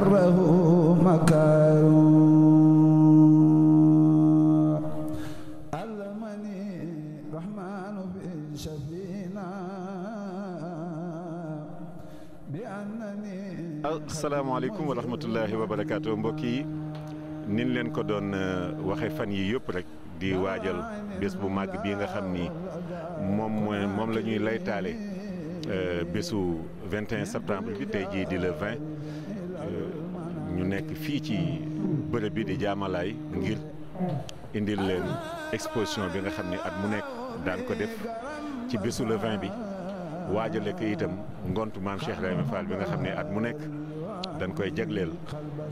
سره مكار علمني الرحمن بشفينا بأنني asalaamaaleykum wa rahmatullahi wa barakaatu mbokk yi nin leen ko doon waxe fan yi yëpp rek di waajal bés bu màgg bii nga xam ni moom mooy moom la ñuy laytaale bésu 21 septembre bi tey jii di la 20 ñu nekk fii ci bërëb bi di jaamalaay ngir indil leen exposition bi nga xam ne at mu nekk daan ko def ci bésu le bi waajale ko itam ngont maam Cheikh Ibrahima Fall bi nga xam ne at mu nekk dañ koy jagleel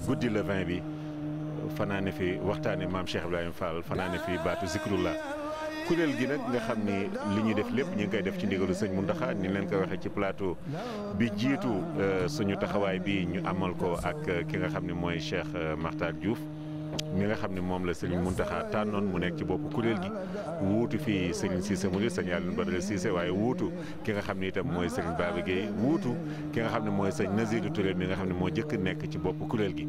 guddi le vin bi fanaane fi waxtaane maam Cheikh Ibrahima Fall fanaane fi baatu zikrullah kuréel gi nag nga xam ni li ñuy def lépp ñu ngi koy def ci ndigalu sëñ Mountakha ni leen ko waxee ci plateau bi jiitu euh, suñu taxawaay bi ñu amal ko ak euh, ki nga xam ne mooy Cheikh euh, Makhtar Diouf mi nga xam ne moom la sëñ Mountakha tànnoon mu nekk ci boppu kuréel gi wuutu fi sëñ Cissé mu di sëñ Alioune Badara Cissé waaye wuutu ki nga xam ni itam mooy sëñ Baba Guèye wuutu ki nga xam ne mooy sëñ Nazirou Touré mi nga xam ne moo jëkk nekk ci boppu kuréel gi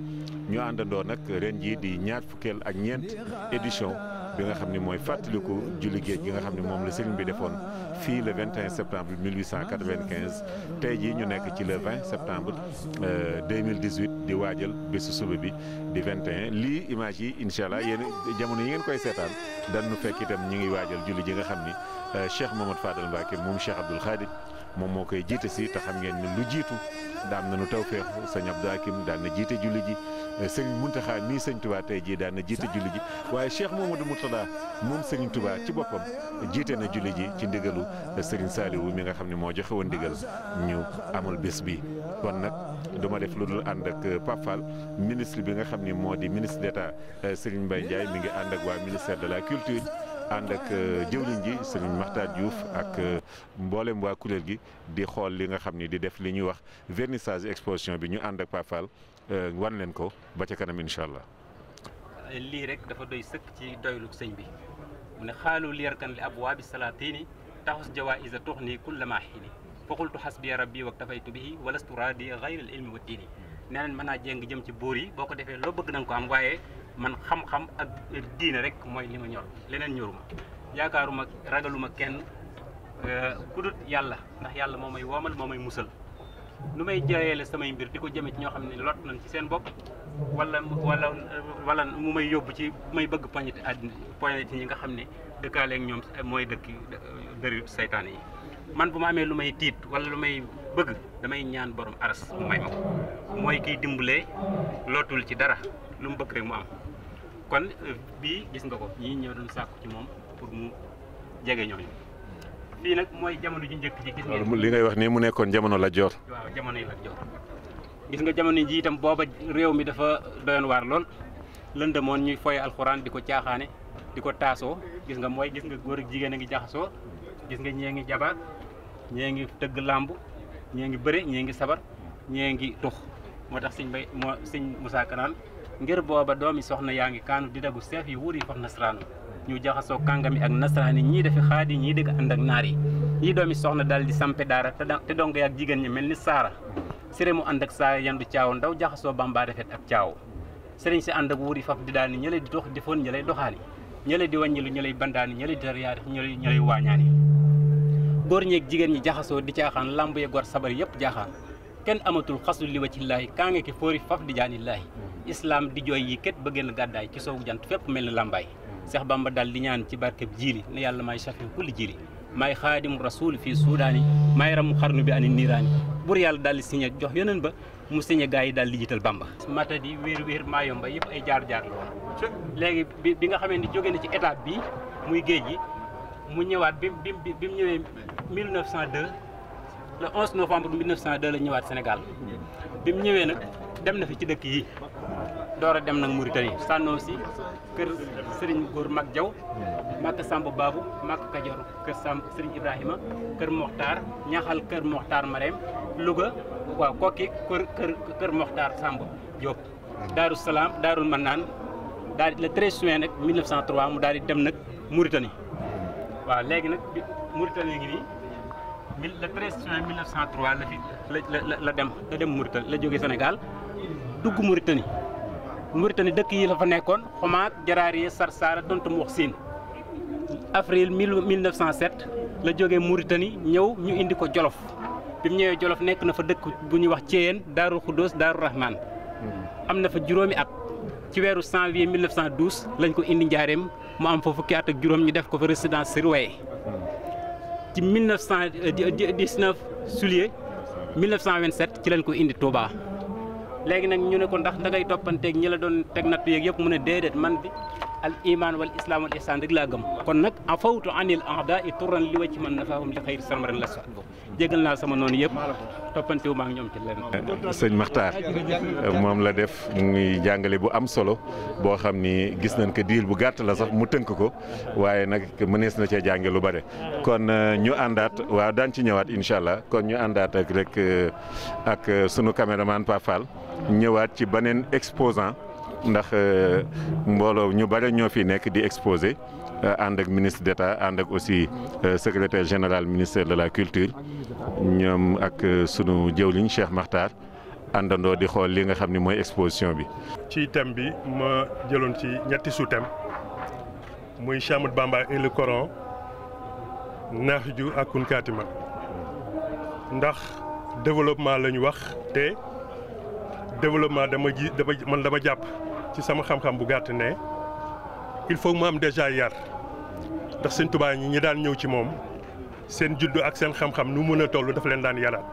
ñu àndandoo nag ren jii di ñaar fukkeel ak ñeent édition bi nga xam ni mooy fàttaliku julli géej gi nga xam ne moom la sëriñ bi defoon fii le 21 septembre 1895 tey jii ñu nekk ci le 20 septembre 2018 euh, di waajal bésu suba bi di 21 lii image yi incha allah yéen jamono yi ngeen koy seetaan dañu fekk itam ñu ngi waajal julli ji nga xam ni euh, Cheikh Mamadou Fadal Mbacke moom Cheikh Abdoul Khadim moom moo koy jiite si te xam ngeen ne lu jiitu daan nañu taw feex sëñ Abdou Hakim daan na jiite julli ji sëñ Muntaxa nii sëñ Touba tey jii daan na jiite julli ji waaye Cheikh Mamadou Mourtada moom sëñ Touba ci boppam jiite na julli ji ci ndigalu sëriñ Saliou mi nga xam ne moo joxe woon ndigal ñu amul bés bi. kon nag duma def lu dul ànd ak Pape ministre bi nga xam ni moo di ministre d'État Serigne mbay Ndiaye mi ngi ànd ak waa ministère de la culture. ànd ak euh, jëwriñ ji sëriñ Makhtar Diouf ak euh, mboolem waa kuréel gi di xool li nga xam ni di def li ñuy wax vernissage exposition bi ñu ànd ak Pafal euh, wan leen ko ba ca kanam incha lii rek dafa doy sëkk ci doylu sëñ bi mu ne xaalu li yarkan li abwaabi salaatini taxus jawaïsa tux nii kulla maa xiini foqultu xasbiya rabbi wa tafaytu bihi walastu raadi xayral ilmi wa diini hmm. nee nañ mën naa jéng jëm ci buur yi boo ko defee loo bëgg na ko am waaye man xam-xam ak diine rek mooy li ma ñor leneen ñoruma yaakaaruma ragaluma kenn euh, ku yàlla ndax yàlla moo may woomal moo may musal nu may jaayale samay mbir di ko jëme ci ñoo xam ne lot nañ ci seen bopp walla wala mu may yóbbu ci may bëgg poñeti àddina poñeti ñi nga xam ne dëkkaale ak ñoom mooy dëkk dëri saytaan yi man bu ma amee lu may tiit wala lu may bëgg damay ñaan borom aras mu may ma ko mooy kiy dimbalee lootul ci dara lu mu bëgg rek mu am kon euh, bii gis nga ko ñii ñoo doon sàkku ci moom pour mu jege ñooñu fii nag mooy jamono ju njëkk ji gis li ngay wax nii mu nekkoon jamono la joor jamono yi la joor nga jamono ji itam booba réew mi dafa doyoon lool lëndëmoon ñuy foye alxuraan di ko caaxaane di ko taasoo gis nga mooy gis nga góor ak jigéen a ngi jaxasoo gis nga ñee ngi jabar ñee ngi tëgg làmb ñee ngi bëre ñee ngi sabar ñee ngi tux moo tax sëñ bay moo sëñ Musaa Ka naan ngir booba doomi soxna yaa ngi kaanu di dagu seef yu wuri faf nasaraanu ñu jaxasoo kàngami ak nasaraan nasaraani ñii dafi xaadi ñii dëgg ànd ak naar yi ñii doomi soxna daal di sampe daara te dong ak jigéen ñi mel ni saara sëriñ mu ànd ak saa yandu caaw ndaw jaxasoo bambaa defet ak caaw sëriñ si ànd ak wuuri faf di daani ñële di dox di foon ñëlay doxaani ñële di wàññilu ñëlay bandaani ñële di dariyaari ñële ñëlay waañaani góor ñeeg jigéen ñi jaxasoo di caaxaan lamb ye gor sabar yëpp jaaxaan kenn amatul xasdu li wajhillaahi kaange ke foori faf di jaanillaahi islam di jooy yi kat bëggee na gàddaay ci soowu jant fépp mel ni làmbaay Seex Bamba dal di ñaan ci barkeb jiili ne yàlla may safi kulli jiili may xaadimu rasul fii suudaani may ramu xarnu bi ani niiraani bur yàlla daal di signé jox yeneen ba mu signé gars yi daal di jiital Bamba matadi wéer wéer maa yomba yëpp ay jaar-jaar la léegi bi nga xamee ni jóge na ci étape bi muy le 11 novembre 1902 la ñëwaat Sénégal bi mu ñëwee nag dem na fi ci dëkk yi door a dem nag Mauritanie Sanosi kër Serigne Góor Mag Jaw Màkk Samb baabu Màkk Kajoor kër Samb Serigne Ibrahima kër Moxtaar ñaxal kër Moxtaar Marème Louga waaw kokki kër kër kër Moxtaar Samb Diop Daaru Salaam Daarul Mannaan daal di le 13 juin nag 1903 mu daal di dem nag Mauritanie waaw léegi nag Mauritanie ngi nii mille le treize juin 1903 la fi la la la dem la dem Mauritanie la jóge Sénégal dugg Mauritanie Mauritanie dëkk yi la fa nekkoon Xomaak Jaraariya Sarsara Tontum wax siin avril 1907 la jógee Mauritanie ñëw ñu indi ko Jolof bi mu ñëwee Jolof nekk na fa dëkk bu ñuy wax Thiéyène Daaru Xuddoos Daaru Rahman mhm. am na fa juróomi at ci weeru janvier 1912 lañ ko indi njaareem mu am fa fukki at ak juróom ñu def ko fa résidence surveillée ci 1919 euh, juillet 1927 ci lañ ko indi Touba. léegi nag ñu ne ko ndax dangay toppanteeg ñi la doon teg nattu yeeg yëpp mu ne déedéet man bi al imaan wal islam wal ihsan rek laa gëm kon nag en fawtu anil ahda i turan li wacci man nafaahum li xayri samran la sax jégal naa sama noonu yëpp toppante wu maa ñoom ci lenn sëñ Maxtaar moom la def muy jàngale bu am solo boo xam ni gis nañ ko diir bu gàtt la sax mu tënk ko waaye nag mënees na cee jànge lu bare kon euh, ñu àndaat waa daan ci ñëwaat incha allah kon ñu àndaat ak rek euh, ak euh, sunu caméraman Pape Fall ñëwaat ci beneen exposant ndax euh, mbooloo ñu bare ñoo fi nekk di exposé euh, ànd ak ministre d'État ànd ak aussi euh, secrétaire général ministère de la culture ñoom ak sunu jëwliñ Cheikh Makhtar àndandoo di xool li nga xam ni mooy exposition bi. ci thème bi ma jëloon ci ñetti sous-thème muy Cheikh Ahmadou Bamba et le Coran ak Kun Kaatima ndax développement la ñu wax te. développement dama ji dama man dama jàpp ci sama xam-xam bu gàtt ne il faut mu am déjà yar ndax sëñ Tuubaa ñi ñi daan ñëw ci moom seen juddu ak seen xam-xam nu mën a toll dafa leen daan yaraat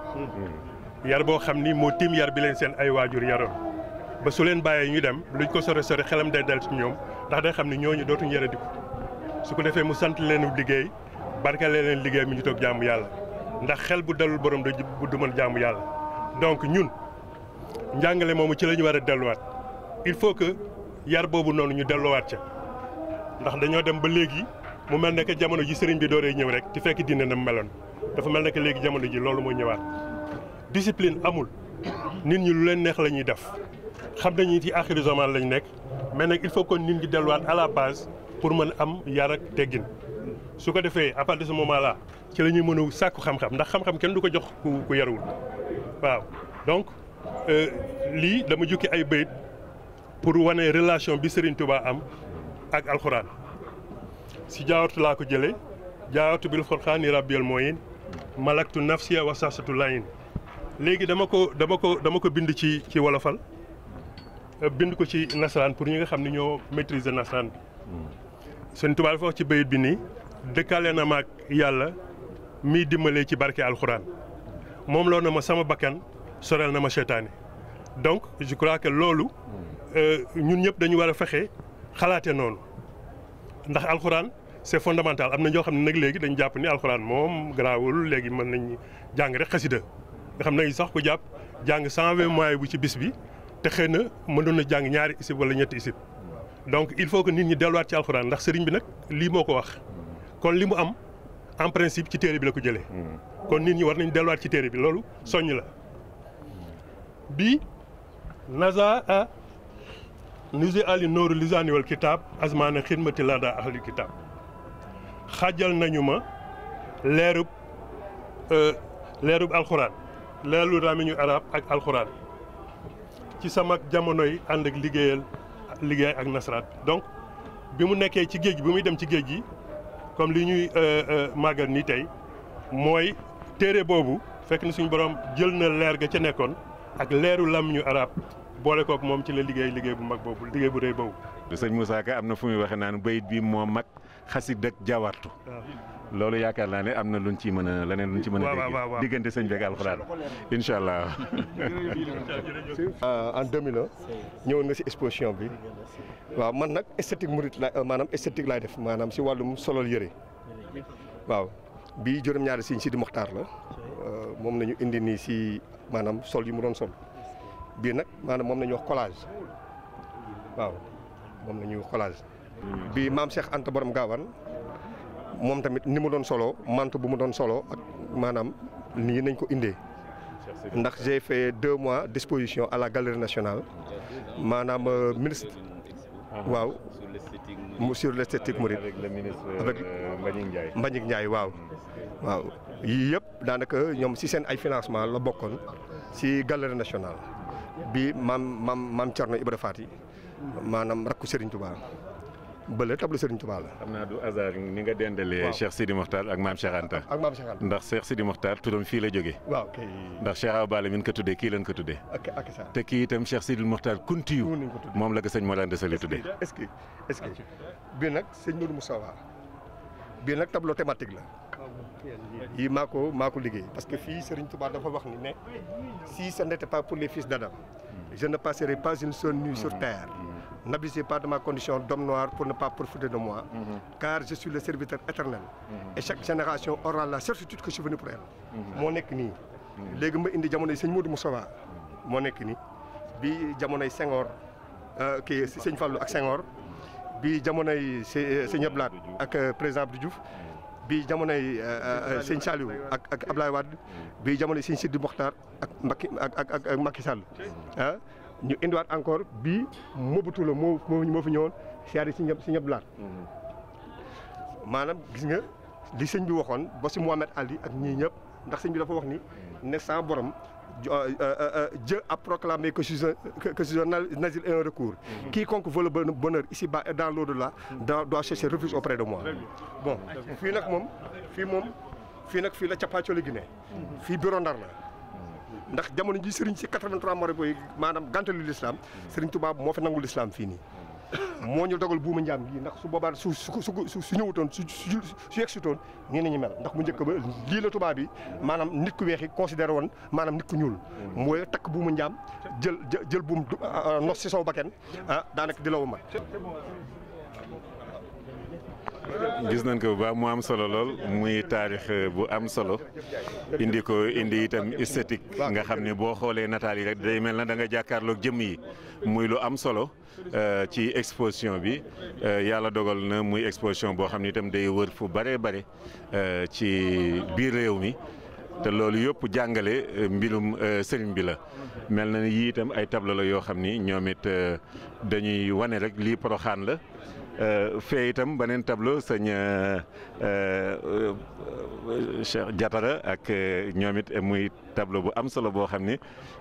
yar boo xam ni moo tiim yar bi leen seen ay waajur yaroon ba su leen bàyyee ñu dem luñ ko sore sore xelam day dal ci ñoom ndax day xam ni ñooñu dootuñ yaradiku su ko defee mu sant leen liggéey barkale leen liggéey mi ñu toog jàmm yàlla ndax xel bu dalul borom du du mën jaamu yàlla njàngale moomu ci la ñu war a delluwaat il faut que yar boobu noonu ñu delluwaat ca ndax dañoo dem ba léegi mu mel na que jamono ji sëriñ bi dooree ñëw rek ci fekk diine na meloon dafa mel ne que léegi jamono ji loolu moo ñëwaat discipline amul nit ñi lu leen neex la ñuy def xam nañu ci axiru zaman lañu nekk mel na il faut que nit ñi delluwaat à la base pour mën am yar ak teggin su ko defee à partir de ci la ñuy mën sàkku xam-xam ndax xam-xam kenn du ko jox ku ku yarul waaw donc. Euh, lii dama jukki ay bayit pour wane relation bi sëriñ Touba am ak alxuraan si jaawatu laa ko jële jaawatu bil xurxaani rabbil mooyin malaktu nafsiya wa sasatu layin léegi dama ko dama ko dama ko bind ci ci wolofal euh, bind ko ci nasaraan pour ñi nga xam ne ñoo maîtriser nasaraan bi Serigne Touba dafa ci bayit bi nii dëkkaale na maag yàlla miy dimbalee ci barke alxuraan moom loo na ma sama bakkan sorel na ma seytaane donc je crois que loolu euh, ñun ñëpp dañu war a fexe xalaate noonu ndax alxuraan c'est fondamental am na ñoo xam ne nag léegi dañu jàpp ni alxuraan moom garaawul léegi mën nañ jàng rek xasida nga xam ne sax ku jàpp jàng cent vingt bu ci bis bi te xëy na mënoon na jàng ñaari isib wala ñetti isib donc il faut que nit ñi delluwaat ci alxuraan ndax sëriñ bi nag lii moo ko wax kon li mu am en principe ci téere bi la ko jëlee hmm. kon nit ñi war nañ delluwaat ci téere bi loolu soññ la bi naza a ah, nusi ali nooru lisani wal kitab asmaana xidmati lada ahli kitab xajal nañu ma leerub euh, leerub alxuraan leerlu ramiñu arab ak alxuraan ci sama jamono yi ànd ak liggéey ak nasaraat donc bi mu nekkee ci géej bi muy dem ci géej gi comme li ñuy euh, euh, màggal ni tey mooy téere boobu fekk nu suñu borom jël na leer ga ca nekkoon ak leeru lam ñu arab boole kook moom ci la liggéey liggéey bu mag boobu liggéey bu rëy boobu. sëñ Moussa Ka am na fu muy waxee naan bayit bi moo mag xasid ak jawartu ah. loolu yaakaar naa ne am na luñ ci mën a leneen lu ci mën a dégg diggante sëñ bi ak alxuraan incha allah. Ah, en 2001 ñëwoon nga si exposition bi waaw man nag esthétique murit la euh, maanaam esthétique laay def maanaam si wàllum solol yëre waaw bii juróom-ñaari sëñ Sidi Moxtaar la. Euh, moom nañu indi nii si maanaam sol yi mu doon sol bii nag maanaam moom nañu wax collage waaw moom nañuy wax collage bii maam Cheikh Anta borom Gaawaan moom tamit ni mu doon solo mantu bu mu doon solo ak maanaam nii nañ ko indee ndax j'ai fait deux mois disposition à la galerie nationale maanaam euh, ministre waaw mu sur l'esthétique mouride avec euh, Mbagnick Ndiaye waaw waaw yii yëpp daanaka ñoom si seen ay financement la bokkoon si galerie nationale bi maam maam maam Thierno Ibra Fati maanaam rakku Serigne Touba bële tableau Serigne Touba la. xam naa du hasard ni nga dendalee. Cheikh Sidi Mokhtar ak maam Cheikh Anta. ndax Cheikh Sidi Mokhtar turam fii la jógee. waaw kay ndax Cheikh Awa Balla mi ko tuddee kii lañ ko tuddee. ak ak te kii itam Cheikh Sidi Mokhtar kuntiyu. moom la ko sëñ Mawla Ndesa li tuddee. est ce que est ce que bii nag sëñ Modou Moustapha bii nag tableau thématique la. yi maa ko maa ko liggéey parce que fii Serigne Touba dafa wax ni ne si ce n'était pas pour les fils d'Adam je ne passerai pas une seule nuit sur terre n'abusez pas de condition d'homme noir pour ne pas profiter de moi car je suis le serviteur éternel et chaque génération aura la certitude que je suis moo nekk nii léegi ma indi jamonoy sëñ Modou Moustapha moo nekk nii bi jamonoy Senghor euh, kii sëñ Fallou ak Senghor bi jamonoy sëñ Abdoulaye ak euh, président Abdou bi jamonoy eh, eh, eh, sëñ Saliou ak ak Ablaye bi jamonoy sëñ Sidi Mokhtar ak Macky ak ak ak Sall ah, ñu indiwaat encore bii mëbatu la moo moo fi ñëwoon siyaare si ñëpp si ñëpp laat maanaam gis nga di sëñ bi waxoon ba si Mohamed Ali ak ñii ñëpp ndax sëñ bi dafa wax ni ne sans borom Euh, euh, euh, Dieu a proclamé que je suis un, que, que je suis un asile et un recours. Mm -hmm. Quiconque veut le bonheur ici-bas et dans l'au-delà mhm. doit, doit chercher auprès de moi. Bon, fii nag moom fii moom fii nag fii la cappaacoli Guinée. Mhm. fii bureau Ndar la. Mhm. ndax jamono ji sëriñ si 83 marabout yi maanaam gàntalu l'islam sëriñ Tuubaa moo fi nangul l'islam fii nii. moo ñu dogal buuma njaam gi ndax su boobaa su su su su ñëwutoon su su su ñu nii nañu mel ndax mu njëkk ba lii la tubaab bi maanaam nit ku weex yi considéré woon maanaam nit ku ñuul. mooy takk buuma njaam jël jël buum ah, ah, nos si saw bakken ah daanaka di la wu gis nañ ko bu baax mu am solo lool muy taarix eh, bu am solo indi ko indi itam esthétique nga xam ne boo xoolee nataal yi rek day mel na da jàkkaarlook jàkkaarloog jëmm yi muy lu am solo eh, ci exposition bi eh, yàlla dogal na muy exposition boo xam ne itam day wër fu bare bare ci biir réew mi te loolu yëpp jàngale mbirum sëriñ bi la mel na ni itam ay tableau la yoo xam ni ñoom it dañuy wane rek lii poroxaan la Euh, fee itam beneen tableau sëñ euh, euh, Cheikh Diatara ak ñoom it muy tableau bu am solo boo xam ni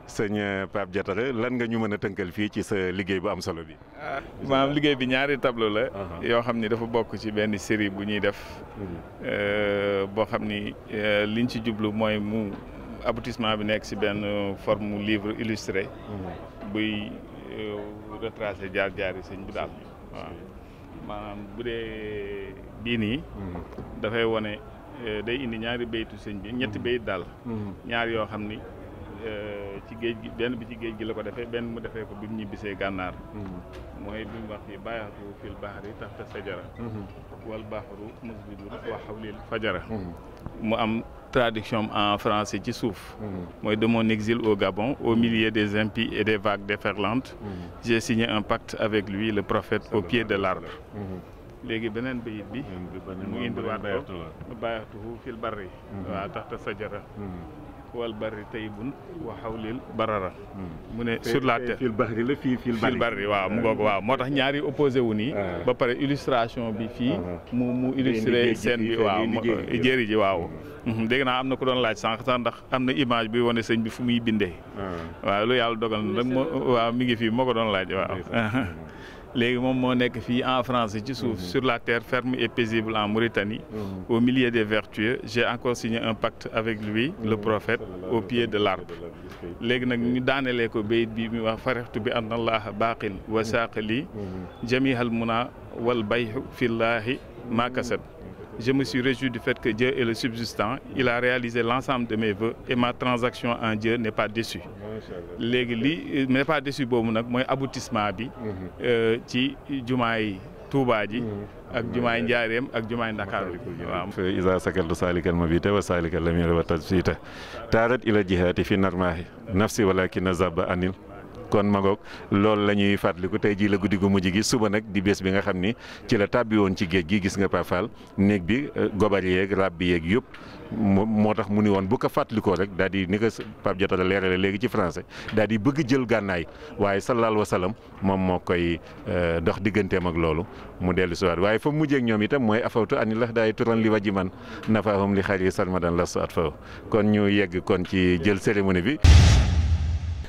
sëñ Pape Diatara lan nga ñu mën a tënkal fii ci sa liggéey bu am solo bi. Ah, maanaam liggéey bi ñaari tableau la. Uh-huh. yoo xam ni dafa bokk ci benn série bu ñuy def. Mm-hmm. boo xam ni liñ ci jublu mooy mu aboutissement bi nekk ci benn forme livre illustré. Mm-hmm. buy retracer jaar-jaar yi bi daal waaw. maanaam bu dee bii nii hmm. dafay wone eh, day indi ñaari béytu sëñ bi ñetti hmm. bayit daal hmm. ñaar yoo xam ni eh, ci géej gi benn bi ci géej gi la ko defee benn mu defee ko bi mu ñibbisee gànnaar mooy bi mu wax yi bàyyaatu fil baxari taxta sajara wal baxaru musbidu wa xawlil fajara mu am traduction en français ci suuf. Mhm. mooy de mon exil au Gabon au milieu des impies et des vagues déferlantes. Mhm. j'ai signé un pacte avec lui le prophète au pied de l'arbre mhm. léegi beneen bayit bi. mu indiwaat ko bàyyaxtuhu fil barri. waaw taxta sajara wal barri tayyibun wa hawlil barara hmm. mu ne sur la terre la fii fil barri waaw mu ngoog waaw moo tax ñaari opposé wu nii ah. ba pare illustration bi fii ah. mu mu illustré scène bi jéeri ji waaw hmm. dégg naa am na ko doon laaj sànq sax ndax am na image bi wone sëñ bi fu muy bindee ah. waaw lu yàlla dogal na moo waaw mi ngi fii moo ko doon laaj waaw léegi moom moo nekk fii en France ci suuf mhm. sur la terre ferme et paisible en Mauritanie mhm. au milieu des vertueux j'ai encore signé un pacte avec lui le mhm. prophète au pied de l'arbre léegi nag ñu daanelee ko bayit bi mi wax farextu bi anna allaha baaqin wa saaqali jamihal muna wal bayhu fillahi ma kasab je me suis réjoui du fait que Dieu est le subsistant. Il a réalisé l'ensemble de mes vœux et ma transaction en Dieu n'est pas déçue. léegi li n'est euh, pas déçu boobu nag mooy aboutissement bi. Mhm. Euh, ci jumaa yi Touba ji. Mhm. ak jumaay Njaareem ak jumaay Ndakaaru waaw isa sakaltu salikal mabita wa salikal lamira wa tajfita taarat ila jihaati fi narmaahi nafsi walakin zaba anil kon magoog loolu la ñuy fàttaliku tey jii la guddi gu mujj gi suba nag di bés bi nga xam ni ci la tàbbi woon ci géej gi gis nga pafal néeg bi euh, gobar yeeg rab bi yeeg yëpp moo tax mu ni woon bu ko fàttalikoo rek daal di ni ko Pape Diatta leerale léegi ci français daal di bëgg jël gànnaay waaye sallallahu wa salaam moom moo koy euh, dox digganteem ak loolu mu dellu si waat waaye fa mujjeek ñoom itam mooy afawtu ani la daay turan li waji man nafaahum li xar yi sarmadan la su at faw kon ñu yegg kon ci jël cérémonie bi